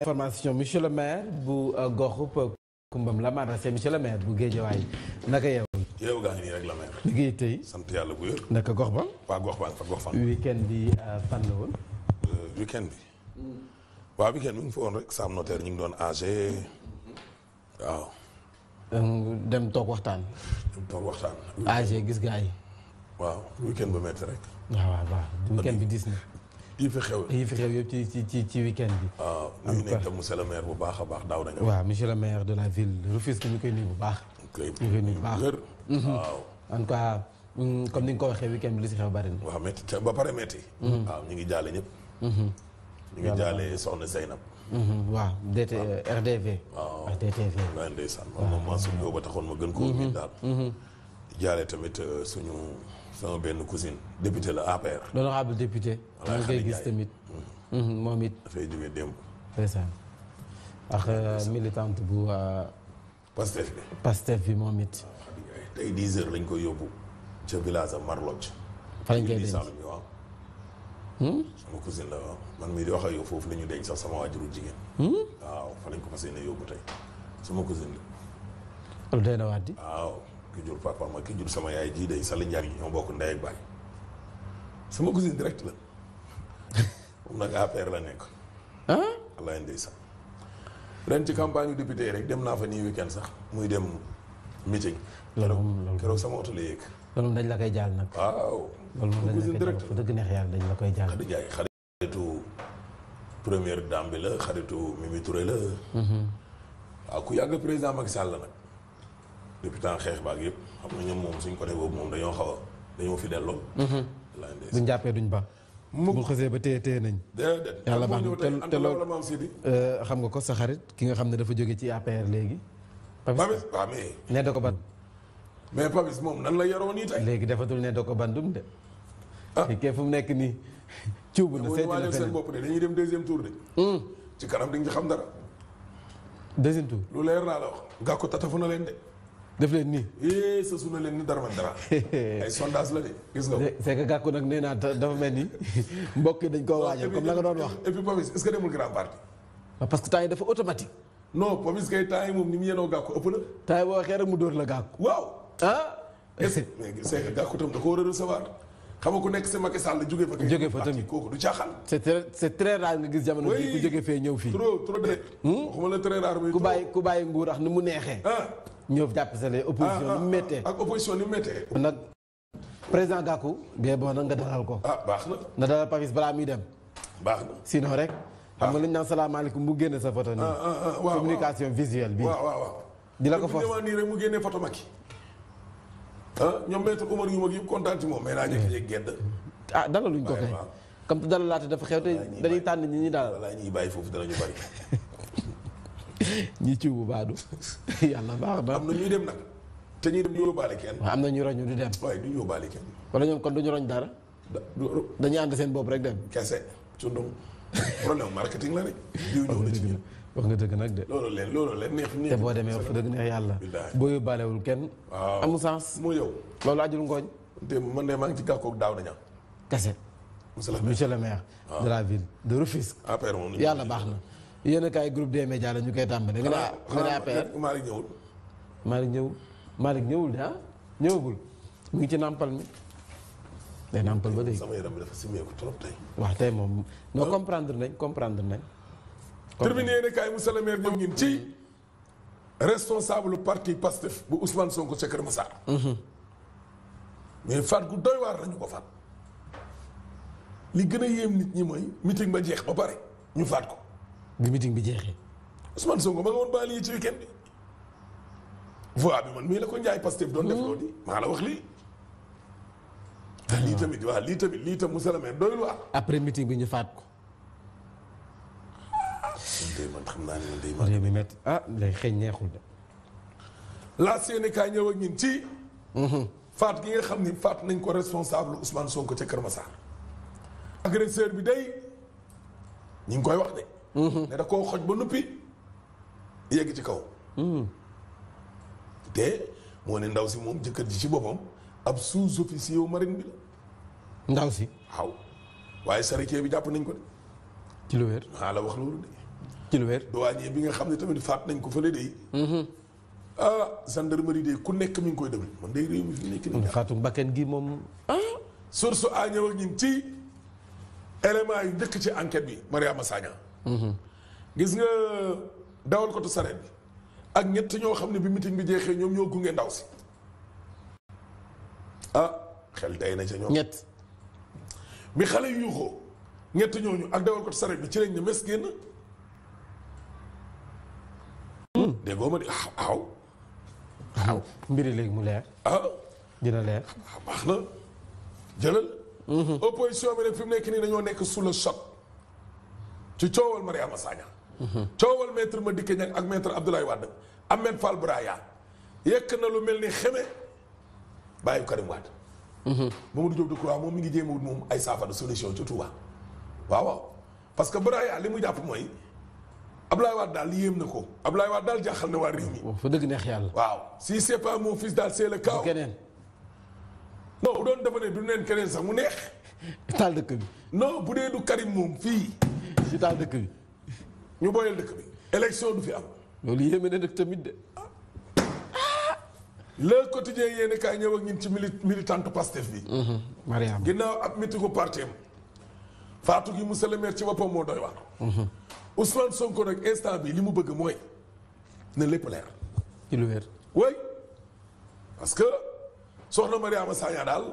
information monsieur le maire bu euh, goxub Kumbam Lamara c'est monsieur le maire bu Géejawaay naka yow. yow gaa ngi nii rek la maire. liggéey tey. sant yàlla bu wér. gox ba. waa gox ba fa gox fan. weekend bi euh, fan la woon. Euh, weekend bi. waa weekend bi mu ngi rek Sam Notaire ñu ngi doon âgé waaw. dem toog waxtaan. dem gis gaa yi. waaw weekend ba métti rek. Ah, waaw waaw weekend bi dis na. yi fi xew yi fi xew yëpp ci ci bi. waaw nuyu nañ tam monsieur le maire bu baax a baax daaw nañu. waaw monsieur le maire de la ville Rufisque ñu koy nuyu bu baax. koy bu baax mhm. waaw. en tout cas mm, ni ko waxee li si xew bari na. waaw métti ba pare métti. Mhm. waaw ñu ngi jaale ñëpp. Mhm. ñu ngi jaale soxna Zeynab. waaw DT RDV. waaw RDTV. Ah, waaw ndeysaan moom moom maa suñu ba taxoon ma gën koo. miin daal. jaale tamit euh, suñu. sama benn cousine député la APR. l'honorable député. voilà mhm. mhm, moom it. dafay jógee démb. ndeysaan ak euh, militante bu. Euh, Pastef bi. Pastef bi moom it. tey dix heures lañ koy yóbbu. ca village a Marloj. fa lañ koy denc hmm? foofu la ñu sax sama waajuru jigéen. Hmm? fa lañ ko fas yéene yóbbu tey sama cousine la. loolu na waat ki jur papa ma ki jur sama yaay jii day Sall Ndiaye ñoo bokk ndey ak sama cousine direct la moom nag APR la nekk. ah wallaahi ndeysaan ren ci campagne yu député yi rek dem naa fa nii weekend sax muy dem meeting. loolu moom keroog sama oto la yéeg. loolu moom dañ la koy jaal nag. waaw loolu moom dañ la koy jaal fu dëgg neex xaritu première dame bi la xaritu Mimi Touré la. Mhm. waaw ku yàgg président Macky Sall nag. depuis temps xeex baak yëpp xam nga ñoom moom suñ côté boobu moom dañoo xaw a dañoo fidèle lool. Mhm. buñ jàppee duñ ba. mu bu xësee ba téye téye nañ. yàlla baax na te loolu euh, xam nga ko sa xarit ki nga xam ne dafa jóge ci APR léegi. Papis waaw mais. nee da ko ban. mais Papis la yaroo nii tey. léegi defatul da ko bandum de. ah kii fu mu nekk nii. cuubu na seeti na seen bopp de dañuy dem deuxième tour de. Hmm. ci kanam di nga xam dara. deuxième tour lu leer naa la wax. gàkko tatafu na leen de. def leen nii eh sa su na leen ni dara man dara la de gis eh, gàkku nag nee naa dafa mel ni mbokk yi dañ koo waajal comme la nga doon wax. et puis Papis est parce que temps dafa automatique. non Papis kay temps moom ni mu yenoo gàkku ëpp na. temps yi boo waxee rek mu dóor la gàkku. waaw ah. est gàkku tam da koo war a recevoir. xam nga ku nekk si Macky Sall jóge fa. jóge fa tamit kooku du caaxaan. c'est très c'est très rare nga gis jamono bii ku jóge fee ñëw fii. trop trop de. Hmm? waxuma la très ku bàyyi ku bàyyi nguur ni mu neexee. Ah. ñëw jàpp sa lee opposition ah, ni mu ah, méttee ah, ak opposition ni mu méttee nag président Gakou bien bon nag nga dalal ko baax na na dalal Papis balaa muy dem baax na sinon rek xam nga lu ñu naan salaamaaleykum mu génne sa photo nii communication visuelle bi waaw di la ko force nii rek mu génne photo Macky ñoom maître Oumar yu mag yëpp kontaan ci moom mais ko kay comme te dalalaate dafa xew te dañuy tànn ñi ñu dalal walla ñuy foofu danañu bari ñi ciw bu baadu yàlla baax na. am na ñuy dem nag te ñuy dem du yóbbaale kenn. waaw am na ñu roñu di dem. waaye du yóbbaale kenn. wala ñoom kon du ñu roñ dara. dañuy ànd seen boobu rek dem. kese su doon problème marketing la rek. diw nga dëgg nag de. loolu leen loolu leen neex te boo demee fa dëgg neex yàlla. boo yóbbaalewul kenn. waaw amul sens. mu yow loolu ajul ngooñ. te man de maa ngi ci gàkkoog daaw dañu am. kese. monsieur le maire de la ville de yàlla baax na. yéen a kaay groupe des médias la ñu koy tàmbale. nga ne nga ne APR ñëwul. Malick ñëwul de ah ñëwagul mu ngi ci nàmpal mi day nàmpal ba léegi. sama tey. moom non comprendre nañ comprendre nañ. terminé yéen a kaay Moussa le ñëw ngeen ci responsable parti PASTEF bu Ousmane Sonko ca Kër Massar. Mhm. mais faat gu doy waar lañu ko faat. li gën a yéem nit ñi mooy meeting ba jeex ba pare ñu faat ko. bi meeting bi jeexee Ousmane Sonko ma nga woon baal yi ci weekend bi voix bi man mii la ko njaay Pastef doon def hmm. loolu maa la wax lii te lii tamit waaw lii tamit lii tam monsieur le maire après meeting bi ñu faat ko man xam naa ne man day métti ah lay xëy neexul de laa seeni kaay ñëw ak ci hmm. faat gi nga xam ni faat nañ ko responsable Ousmane Sonko ca Kër Massar agresseur bi day ñu ngi koy wax de ne da koo xoj ba nuppi yegg ci kaw te moo ne ndaw si moom jëkkër ji ci boppam ab sous-officier wu marine bi la ndaw si waaw waaye charretier bi jàpp nañ ko de ci lu wér maa la wax loolu de ci lu wér bi nga xam ne tamit faat nañ ko fële de mm-hmm. ah gendarmerie de ku nekk mi ngi koy déglu man day réew mi fi nekk nii. Mm, faatu bakken gi moom. Ah, source a ñëw ak ñun ci élément yi jëkk ci enquête bi Mariama Sagna. gis nga dawal ko tu sareet bi ak ñett ñoo xam ne bi mitin bi jeexee ñoom ñoo gunge ndaw si ah xel day na ca ñoom ñett bi xale yuuxoo ñett ñooñu ak dawal ko tu sareet bi ci lañ ne mes génn hmm. déggoo ma di ah, aw aw mbiri léegi mu leer ah dina leer ah, baax na jëlal hmm. opposition bi nag fi mu nekk nii dañoo nekk sula sot ci coowal Mariama Sagna coowal maître Madické Niang ak maître Abdoulaye Wade Ahmed Fall Braya yekk na lu mel ni xeme bàyyi Karim Wade Mamadou Diop Decroix moom mi ngi jéem a wut moom ay saafara solution ci Touba waaw waaw parce que Braya li mu jàpp mooy Abdoulaye Wade daal yéem na ko Abdoulaye Wade daal jaaxal na waa réew mi. fa dëgg neex yàlla. waaw si c'est pas mon fils daal c'est le cas. keneen. non bu doon dafa ne du neen keneen sax mu neex. taal dëkk bi. non bu dee du Karim ñu taal dëkk bi. ñu booyal dëkk bi. élection du fi am. loolu yéeme na nag tamit de. Ah. le quotidien yéen a kaay ñëw ak ñun ci militante Pastef bi. Mhm. Mariam ginnaaw ab mitigu parti am. faatu gi monsieur le maire ci boppam moo doy waar. Mhm. Ousmane Sonko nag instant bi li mu bëgg mooy na lépp leer. ci lu wér. parce que soxna Mariama Sagna daal.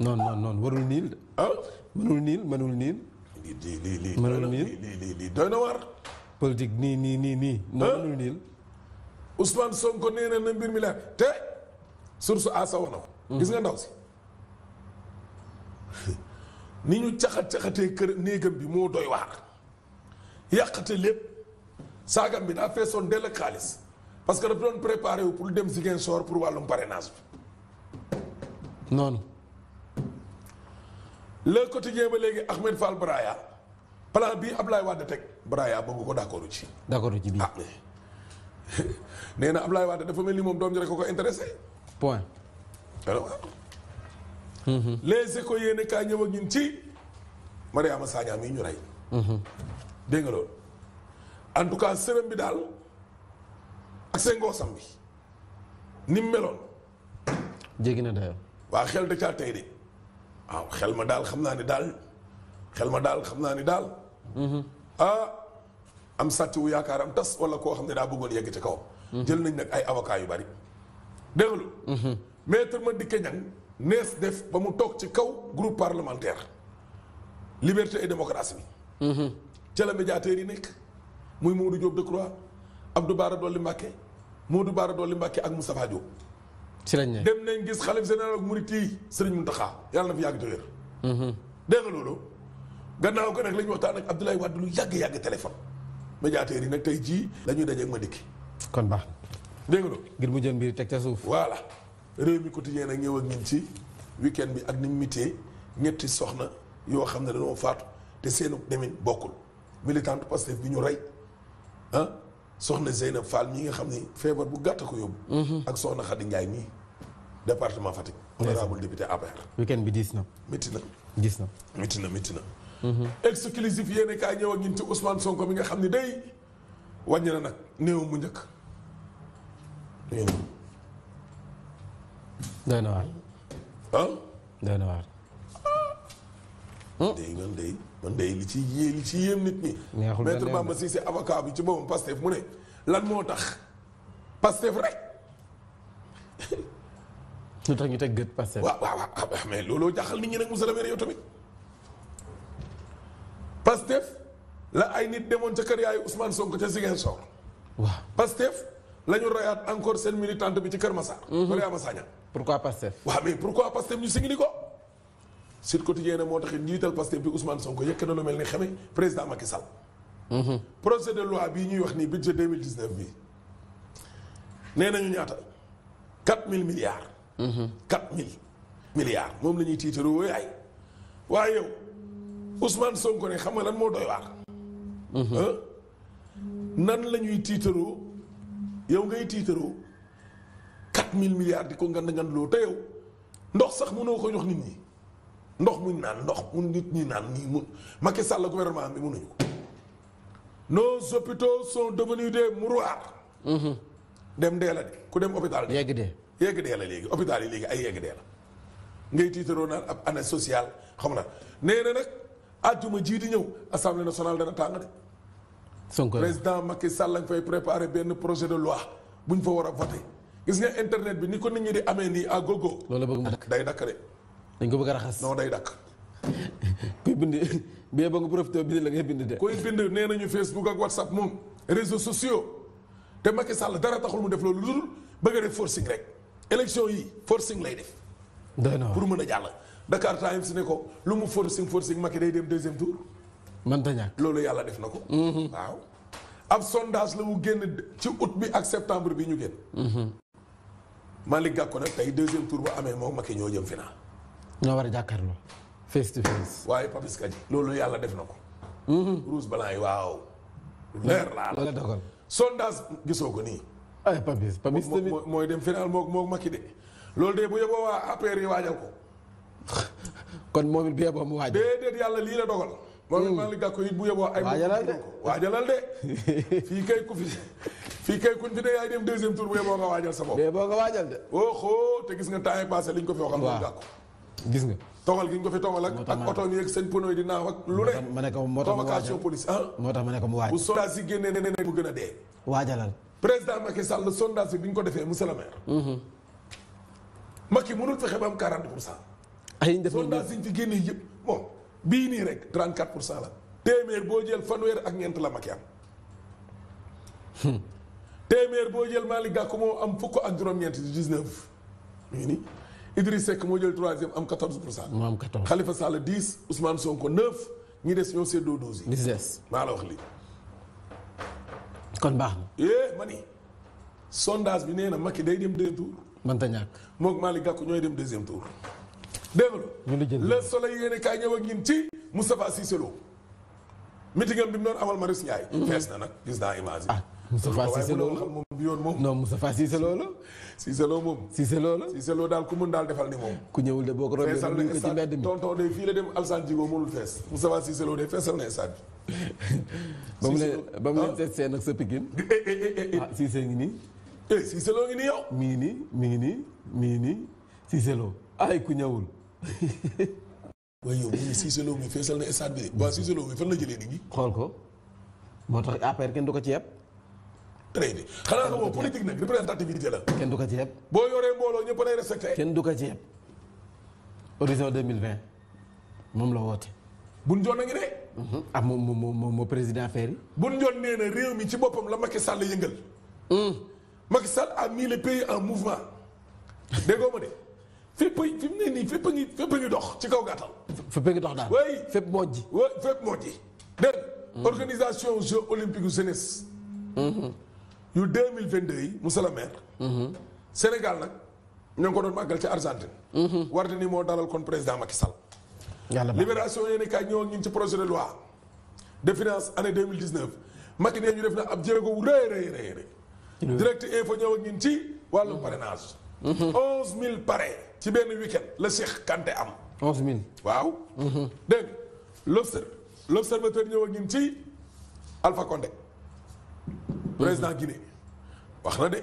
non non non warul niil. ah mënul niil mënul niil. lii lii lii. mënul niil lii lii doy na waar. politique nii nii nii nii. mënul niil. Ousmane Sonko nee na mbir mi la te source a sa wana ko gis nga ndaw si. ni ñu caxat caxatee kër néegam bi moo doy waar. yàqate lépp saagam bi daa feesoon dell ak xaalis parce que dafa doon préparé wu pour dem Ziguinchor pour wàllum parrainage bi. noonu. le quotidien ba léegi Ahmed Fall bi ab bii Ablaye Wade teg Braya ba nga ko d' ci. d' ci bii ah mais nee na Ablaye Wade dafa mel ni moom doom ji rek ko ko intéressé. Mm-hmm. les échos yéen kaa ñëw ak ci Mariama Sagna mii ñu rey. Mm-hmm. dégg nga en tout cas sërëm bi daal ak seen ngoosam bi ni meloon. jéggi na dayoo. waa xel da tey de. waaw ah, xel ma daal xam naa ne daal xel ma daal xam naa ne daal. Mhm. ah am sàcc wu yaakaar yaakaaram tas wala koo xam ne daa bëggoon yegg ci kaw mhm. jël nañ nag ay avocats yu bari. dégg nga. Mhm. ma Madické Niang nees def ba mu toog ci kaw groupe parlementaire liberté et démocratie bi. ca la médiateurs yi nekk muy Mamadou Diop Decroix Abdou Bara Dolly Mbacké Modou Bara Dolly Mbacké ak mu Moustapha Diop. ci lañ ne dem nañ gis xalif général ak murit yi Sëriñ Muntaxa yàlla na yàgg te wér. Mm-hmm. loolu gannaaw ko nag lañu waxtaan ak Abdoulaye Wade lu yàgg yàgg téléphone médiateurs yi nag tey jii la ñuy dajeeg ma dikki. kon baax na dégg loolu. ngir mu jël mbir teg ca suuf. voilà réew mi quotidien nag ñëw ak ñun ci weekend bi ak ni mu ñetti soxna yoo xam ne dañoo faatu te seenu demin bokkul militante Pastef bi ñu rey ah soxna Zeynab Fall mii nga xam ni feebar bu gàtt ko yóbbu. Mm-hmm. ak soxna département Fatick. weekend bi diis na. métti na diis na. métti na métti na. Mhm. exclusif kaa ñëw ak ñun ci Ousmane Sonko mi nga xam ne day wàññi na nag néew mu njëkk. doy na waar. ah. na waar. day day man day li ci yé li ci yéem nit ñi. neexul benn maître Bamba Cissé ci boppam mu ne lan moo tax Pastef rek. lu tax ñu teg gët Pastef. waaw waaw waaw mais looloo jaaxal nit ñi nag Moussa Lamine yow tamit la ay nit demoon ca kër yaayu Ousmane Sonko ca Ziguinchor. waaw Pastef la ñu rayaat encore seen militante bi ci Kër ma mhm. Mariama Sagna. pourquoi Pastef. waaw mais pourquoi Pastef ñu singli ko. Sud Quotidien moo tax it njiital Pastef bi Ousmane Sonko yëkk na lu mel ni xame président Macky Sall. Mhm. projet de loi bii ñuy wax nii budget deux mille dix neuf bii nee nañu ñaata quatre mille milliards moom la ñuy tiitaru wooyu ay waaye yow Ousmane Sonko ne xam nga lan moo doy waar nan lañuy tiitaroo yow ngay tiitaroo quatre mille milliards di ko ngand ngandloo te yow ndox sax mënoo ko jox nit ñi ndox muñ naan ndox mun nit ñi naan nii mun Macky Sall gouvernement bi mënuñu ko nos hôpitaux sont devenus des mouroirs mhm. dem dee la de ku dem hôpital de yegg de yegg dee la léegi hôpital yi léegi ay yegg dee la ngay tiitaroo naan ab année social xam na nee na nag àjjuma jiiti ñëw assemblée nationale dana tàng de. Sonko président Macky Sall lañ fay benn projet de loi bu ñu war a voté gis nga internet bi ni ko nit ñi amee nii à gogo. loolu bëgg mu dakk day dakk de. dañ ko bëgg a raxas non day dakk. kuy bind bee ba nga profité bind la ngay bind de. kuy bind nee nañu Facebook ak WhatsApp moom réseau sociaux te Macky Sall dara taxul mu def loolu lu dul bëgg a def rek. élection yi forcing lay def. pour mën a jàll. Dakar Times ne ko lu mu forcing forcing Macky day dem deuxième tour. mënta ñàkk loolu yàlla def na ko. Mm-hmm. waaw ab sondage la mu génn ci août bi ak septembre bi ñu génn. Mm-hmm. Malick Gakou nag tey deuxième tour ba amee moom Macky ñoo jëm final. ñoo war a jàkkaarloo. face to face. waaye Papis Kadji loolu yàlla def na ko. Mm-hmm. rouge blanc yi waaw. leer laa la dogal gisoo ko nii. ay Papis Papis tamit mooy dem final moo moo Macky de loolu de bu yóbboo waa APR yi waajal ko. kon moom it bu yóbboo mu waajal. yàlla lii la dogal. moom it maa ngi gàkku bu yóbboo ay. waajalal de waajalal de fii kay ku fi fii kay kuñ fi ne yaay dem deuxième tour bu yóbboo nga waajal sa bopp. bu yóbboo nga waajal de. oh te gis nga temps yi passé liñ ko fi waxal. waaw gàkku gis nga. togal gi ñu ko fi togal ak ak oto yi ak seen pono yi di naaw ak lu ne. ma ne moo tax ma waajal convocation police ah. moo tax ma ne ko mu waajal bu soxlaa si génnee ne ne bu gën a dee président Macky Sall sondage bi bi ñu ko defee monsieur le maire. Macky mënul fexe ba am 40 pour cent. ay ñu def sondage yi ñu fi génne yëpp bon bii nii rek 34 pour cent la. téeméer boo jël fanweer ak ñeent la Macky am. téeméer boo jël Malick Gakou moo am fukk ak juróom-ñeent di 19. ñu ngi nii Idriss Seck moo jël troisième am 14 pour cent. moo am 14 Khalifa Sall Sonko 9 ñi des ñoo séddoo 12 yi. 10 des maa la wax lii. kon baax na. eh ma ni sondage bi nee na Macky day dem deuxième tour. mënta ñàkk moog Malick Gakou ñooy dem deuxième tour. dégg nga ñu jël le soleil yéene kaay ñëw ak ñun ci Moustapha Cissé Lo. meeting am bi mu doon amal Marius Ndiaye. Mhm. fees na nag gis naa yi. Ah. Moustapha Cissé Lo la moom bi yoon moom non Moustapha Cissé Lo la Cissé Lo moom Cissé Lo la Cissé Lo daal ku mën daal defal ni moom ku ñëwul de boo ko rombee ko ci mbedd mi tonton de fii la dem Alsaan Jigo mënul fees Moustapha Cissé Lo de feesal na stade bi ba mu leen ba mu leen ah. testé nag sa pikin eh, eh, eh, ah Cissé ngi nii eh Cissé Lo ngi nii yow mi ngi nii mi ngi nii mi ngi nii Cissé Lo ay ku ñëwul waaye yow mu ngi Cissé Lo mi feesal na stade bi waa Cissé Lo mi fan la jëlee nit ñi xool ko moo tax APR kenn du ko ci yeb trade xanaa xamoo politique nag représentativité la. kenn du ko ceeb. boo yoree mbooloo ñëpp lay respecté. kenn du ko ceeb. horizon 2020 moom la woote. buñ joon a ngi ne. Mhm. ah moom moom moom président affaire yi. buñ joon nee réew mi ci boppam la Macky Sall yëngal. Hmm. Macky Sall a mis le pays en mouvement. dégg nga ma de fépp fi mu ne nii fépp a ngi fépp a ngi dox ci kaw gàttal. fépp a ngi dox daal. oui fépp moo ji. oui fépp moo ji. dégg hmm. organisation Jeux olympiques jeunesse. Hmm. yu deux mille vingt deux yi monsieur le maire. Sénégal nag ñoo ngi ko doon màggal ci Argentine. war ni moo dalal kon président Macky Sall. yàlla libération yéen i kaay ñëw ak ñun ci projet de loi de finance année deux mille dix neuf Macky nee ñu def na ab jéego wu rëy rëy rëy rëy. direct info ñëw ak ñun ci wàllu parrainage. onze mille parrain ci benn week-end la Cheikh Kanté am. onze mille waaw. dégg nga l' ñëw ak ñun ci Alpha Condé président Guinée. wax na de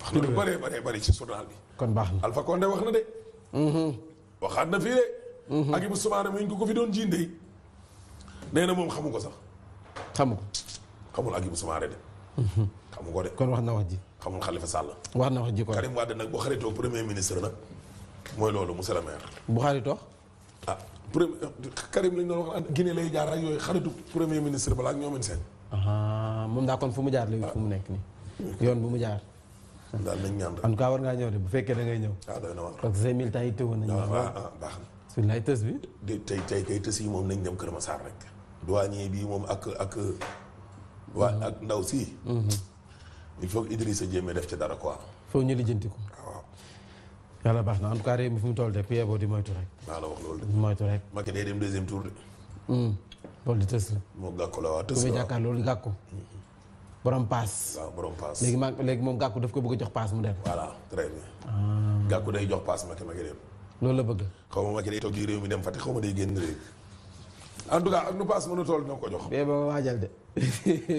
wax na lu bëree bare bari ci journal bi. kon baax na Alpha Condé wax na de. Mm-hmm. waxaat na fii de. ak Ibou Soumaré mi ñu ko fi doon jiindee. nee na moom xamu ko sax. xamu ko. xamul ak Ibou Soumaré de. Mm-hmm. xamu ko de. kon wax na wax ji. xamul Khalifa Sall. wax na wax ji kon Karim Wade nag boo xaritoo premier ministre nag mooy loolu monsieur le maire. bu xaritoo. ah premier Karim lañ doon wax Guinée lay jaar ak yooyu xaritu ministre balaa ak ñoom seen. Ah, moom daa kon fu mu jaar léegi mu nekk nii. yoon bu mu jaar. daal nañ ñaan en tout cas war ngaa ñëw de bu fekkee da ngay ñëw. waaw ah, doy na war parce que say militants yi tëwoon nañu. waaw ah, waaw baax bi. de tey tey kay tës yi moom nañ dem Kër Massar rek. douanier bi moom ak ak. waa mhm. ak ndaw si. Mhm. il faut que Idrissa Diémé def ci dara quoi. foofu ñu lijjanti ko. waaw. baax na en tout cas mi fu mu toll de ku yeboo di moytu rek. moytu rek. loolu di tës la. moom gàkku la waa tës la ku may jàkkaarloo loolu gàkku. borom paas. waaw borom paas léegi maa léegi moom gàkku daf ko bugg jox paas mu dem. voilà très bien. Ah. gàkku day jox paas Macky Macky dem. loolu la bëgg. xaw ma Macky day toog ci réew mi dem fa Fatick xaw ma day génn réew. en tout cas ak nu paas mën ko jox. bee ma waajal de.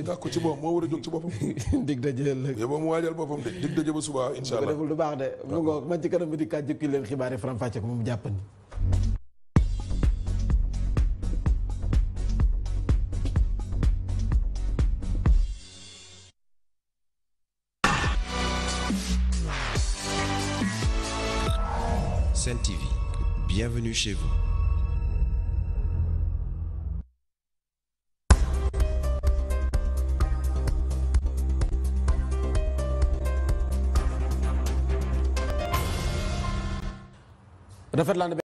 gàkku ci boppam moo war a jóg ci boppam. dig dajeel la. bee mu waajal boppam de dig daje ba suba incha allah. deful du baax de. mu ngoog man ci kanam bi di kaa jukki leen xibaar yi faram fàcce ko moom jàppandi bienvenue chez vous. rafet laa